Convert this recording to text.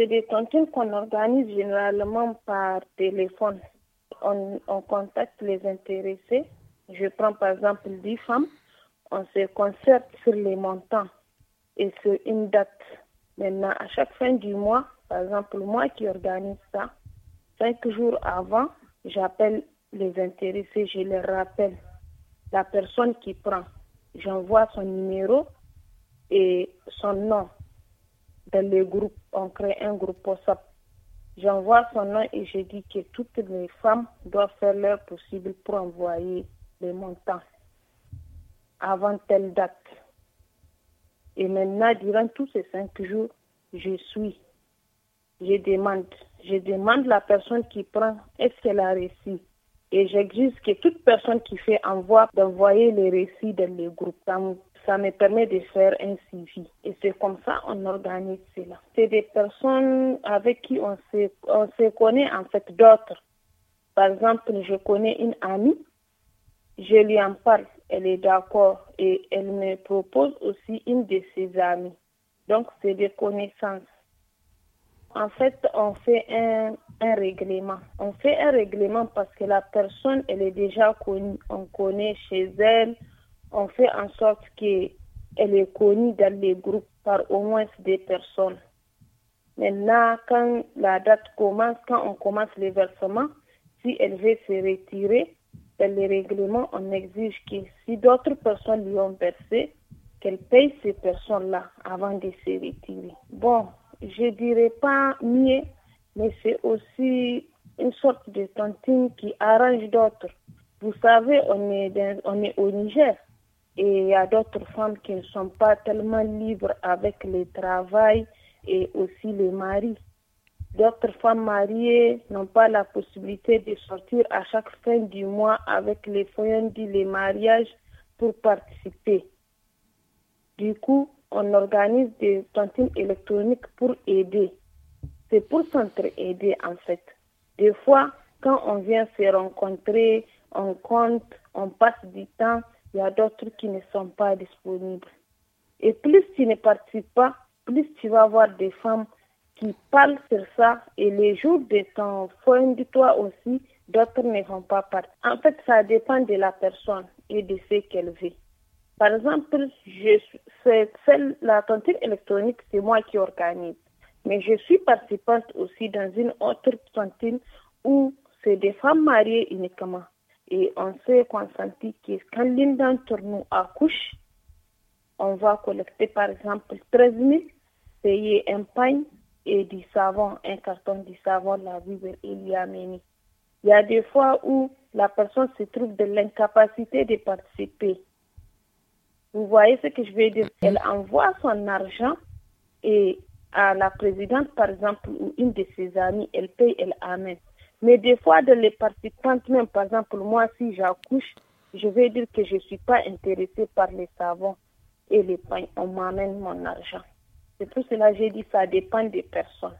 C'est des tentatives qu'on organise généralement par téléphone. On, on, contacte les intéressés. Je prends par exemple 10 femmes. On se concerte sur les montants et sur une date. Maintenant, à chaque fin du mois, par exemple, moi qui organise ça, cinq jours avant, j'appelle les intéressés, je les rappelle. La personne qui prend, j'envoie son numéro et son nom dans le groupe, on crée un groupe WhatsApp. J'envoie son nom et je dis que toutes les femmes doivent faire leur possible pour envoyer les montants avant telle date. Et maintenant, durant tous ces cinq jours, je suis. Je demande. Je demande la personne qui prend, est-ce qu'elle a réussi Et j'exige que toute personne qui fait envoi d'envoyer les récits dans le groupe ça me permet de faire un suivi. Et c'est comme ça on organise cela. C'est des personnes avec qui on se, se connaît en fait d'autres. Par exemple, je connais une amie, je lui en parle, elle est d'accord et elle me propose aussi une de ses amies. Donc, c'est des connaissances. En fait, on fait un, un règlement. On fait un règlement parce que la personne, elle est déjà connue. On connaît chez elle, on fait en sorte qu'elle est connue dans les groupes par au moins des personnes. Maintenant, quand la date commence, quand on commence les versements, si elle veut se retirer, dans les règlements, on exige que si d'autres personnes lui ont versé, qu'elle paye ces personnes-là avant de se retirer. Bon, je ne dirais pas mieux, mais c'est aussi une sorte de cantine qui arrange d'autres. Vous savez, on est, on est au Niger et il y a d'autres femmes qui ne sont pas tellement libres avec le travail et aussi les maris. D'autres femmes mariées n'ont pas la possibilité de sortir à chaque fin du mois avec les foyers les mariages pour participer. Du coup, on organise des cantines électroniques pour aider. C'est pour s'entraider en fait. Des fois, quand on vient se rencontrer, on compte, on passe du temps il y a d'autres qui ne sont pas disponibles. Et plus tu ne participes pas, plus tu vas avoir des femmes qui parlent sur ça. Et les jours de ton foin de toi aussi, d'autres ne vont pas partir. En fait, ça dépend de la personne et de ce qu'elle veut. Par exemple, je la cantine électronique, c'est moi qui organise. Mais je suis participante aussi dans une autre cantine où c'est des femmes mariées uniquement. Et on s'est consenti que quand l'une d'entre nous accouche, on va collecter par exemple 13 000, payer un pain et du savon, un carton du savon, la vivre et amener. Il y a des fois où la personne se trouve de l'incapacité de participer. Vous voyez ce que je veux dire mm-hmm. Elle envoie son argent et à la présidente, par exemple, ou une de ses amies, elle paye, elle amène. Mais des fois, dans les participantes, même par exemple, moi, si j'accouche, je vais dire que je ne suis pas intéressée par les savons et les pains. On m'amène mon argent. C'est pour cela que j'ai dit ça dépend des personnes.